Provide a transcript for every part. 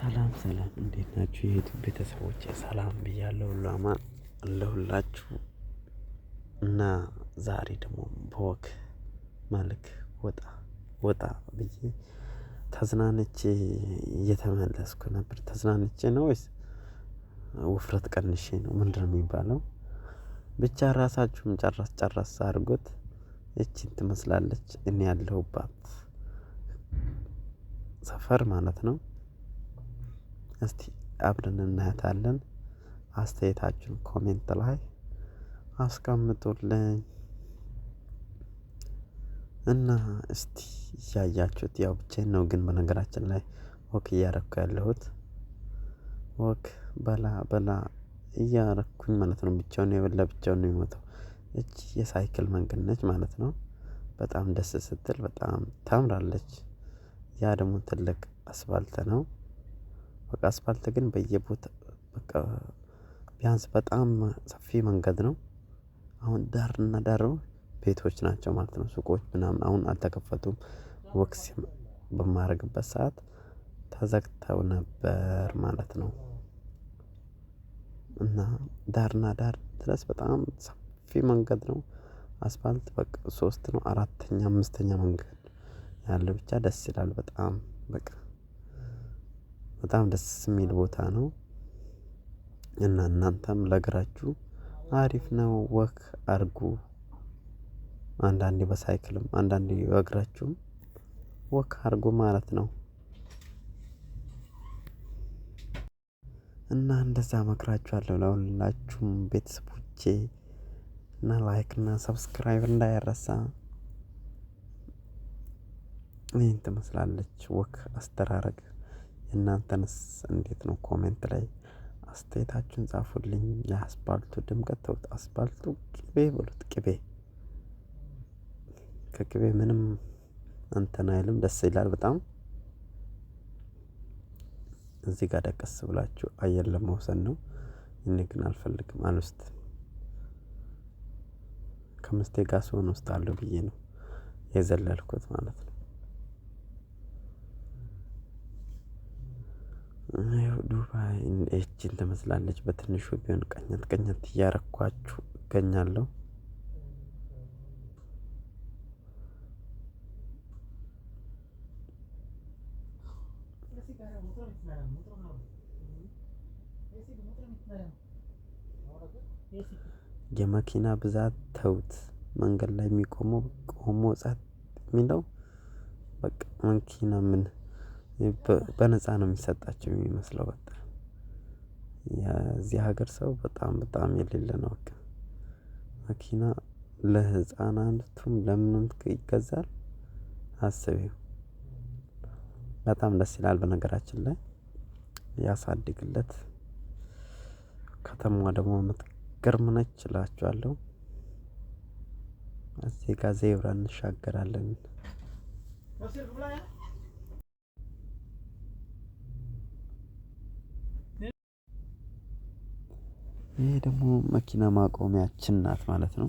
ሰላም ሰላም እንዴት ናችሁ? የቱ ቤተሰቦች ሰላም ብያለሁ። ላማ ለሁላችሁ እና ዛሬ ደግሞ በወክ መልክ ወጣ ወጣ ብዬ ተዝናንቼ እየተመለስኩ ነበር። ተዝናንቼ ነው ወይስ ውፍረት ቀንሼ ነው ምንድን ነው የሚባለው? ብቻ ራሳችሁም ጨረስ ጨረስ አድርጎት ይችን ትመስላለች እኔ ያለሁባት ሰፈር ማለት ነው። እስቲ አብረን እናያታለን። አስተያየታችሁን ኮሜንት ላይ አስቀምጡልኝ እና እስቲ እያያችሁት ያው ብቻዬን ነው ግን በነገራችን ላይ ወክ እያረኩ ያለሁት ወክ በላ በላ እያረኩኝ ማለት ነው። ብቻውን የበላ ብቻውን ነው የሚሞተው። እች የሳይክል መንገድ ነች ማለት ነው። በጣም ደስ ስትል በጣም ታምራለች። ያ ደግሞ ትልቅ አስፋልት ነው። በቃ አስፋልት ግን በየቦታ በቃ ቢያንስ በጣም ሰፊ መንገድ ነው። አሁን ዳርና ዳር ቤቶች ናቸው ማለት ነው ሱቆች ምናምን አሁን አልተከፈቱም። ወክስ በማድረግበት ሰዓት ተዘግተው ነበር ማለት ነው። እና ዳርና ዳር ድረስ በጣም ሰፊ መንገድ ነው። አስፋልት በቃ ሶስት ነው አራተኛ አምስተኛ መንገድ ያለ ብቻ ደስ ይላል በጣም በቃ በጣም ደስ የሚል ቦታ ነው። እና እናንተም ለእግራችሁ አሪፍ ነው ወክ አርጉ። አንዳንዴ በሳይክልም አንዳንዴ በእግራችሁም ወክ አርጉ ማለት ነው። እና እንደዛ መክራችኋለሁ ለሁላችሁም ቤተሰቦቼ እና ላይክ እና ሰብስክራይብ እንዳይረሳ። ይህን ትመስላለች ወክ አስተራረግ እናንተንስ እንዴት ነው? ኮሜንት ላይ አስተያየታችሁን ጻፉልኝ። የአስፓልቱ ድምቀት ተውት። አስፓልቱ ቅቤ ብሉት ቅቤ ከቅቤ ምንም እንትን አይልም፣ ደስ ይላል በጣም። እዚህ ጋር ደቀስ ብላችሁ አየር ለመውሰድ ነው። እኔ ግን አልፈልግም አልውስጥ ከምስቴ ጋር ሲሆን ውስጥ አለው ብዬ ነው የዘለልኩት ማለት ነው። ዱባይ ትመስላለች በትንሹ ቢሆን ቀኘት ቀኘት እያረኳችሁ እገኛለሁ። የመኪና ብዛት ተውት። መንገድ ላይ የሚቆመው ቆሞ ጸጥ የሚለው በቃ መኪና ምን በነፃ ነው የሚሰጣቸው የሚመስለው በቃ የዚህ ሀገር ሰው በጣም በጣም የሌለ ነው። መኪና ለህፃናቱም ለምንም ይገዛል አስቢው። በጣም ደስ ይላል። በነገራችን ላይ ያሳድግለት። ከተማዋ ደግሞ የምትገርም ነች እላችኋለሁ። እዚህ ዜብራ እንሻገራለን። ይሄ ደግሞ መኪና ማቆሚያችን ናት ማለት ነው።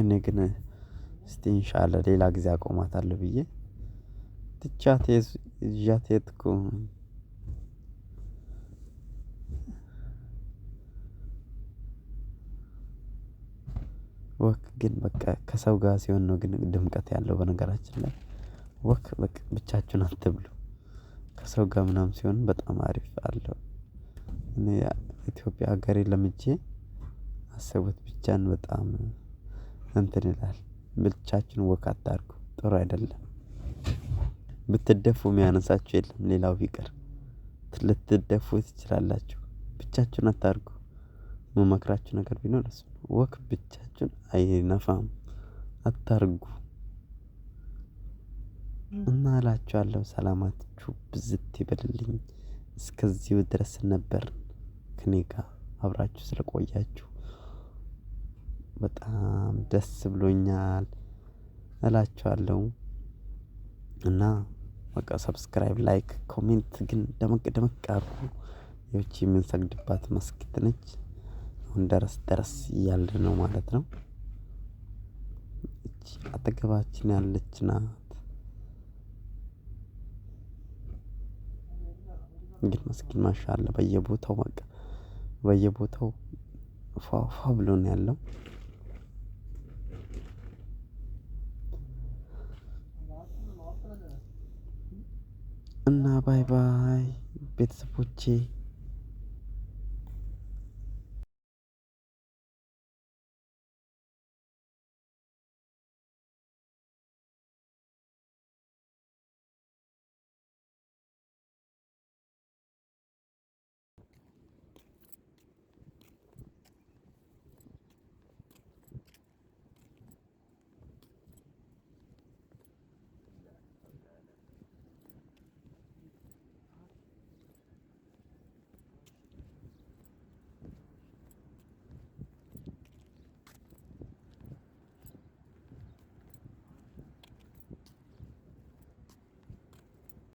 እኔ ግን እስቲ ኢንሻአላህ ሌላ ጊዜ አቆማታለሁ ብዬ ትቻት ይዣት ሄድኩ። ወክ ግን በቃ ከሰው ጋር ሲሆን ነው ግን ድምቀት ያለው። በነገራችን ላይ ወክ በቃ ብቻችሁን አትብሉ። ከሰው ጋር ምናምን ሲሆን በጣም አሪፍ አለው። ኢትዮጵያ ሀገሬን ለምጄ አስቡት ብቻን በጣም እንትን ይላል። ብቻችን ወክ አታድርጉ፣ ጥሩ አይደለም። ብትደፉ የሚያነሳችሁ የለም። ሌላው ቢቀር ልትደፉ ትችላላችሁ። ብቻችሁን አታርጉ መመክራችሁ ነገር ቢኖር እሱ ወክ ብቻችሁን አይነፋም፣ አታርጉ እና እላችኋለሁ። ሰላማችሁ ብዝት ይበልልኝ። እስከዚሁ ድረስ ነበር። ከኔ ጋር አብራችሁ ስለቆያችሁ በጣም ደስ ብሎኛል እላችኋለሁ። እና በቃ ሰብስክራይብ፣ ላይክ፣ ኮሜንት ግን ደመቅ ደመቅ አርጉ ይቺ የምንሰግድባት መስኪት ነች። አሁን ደረስ ደረስ እያለ ነው ማለት ነው። እቺ አጠገባችን ያለች ናት። ግን መስጊድ አለ በየቦታው በቃ በየቦታው ፏፏ ብሎ ነው ያለው። እና ባይ ባይ ቤተሰቦቼ።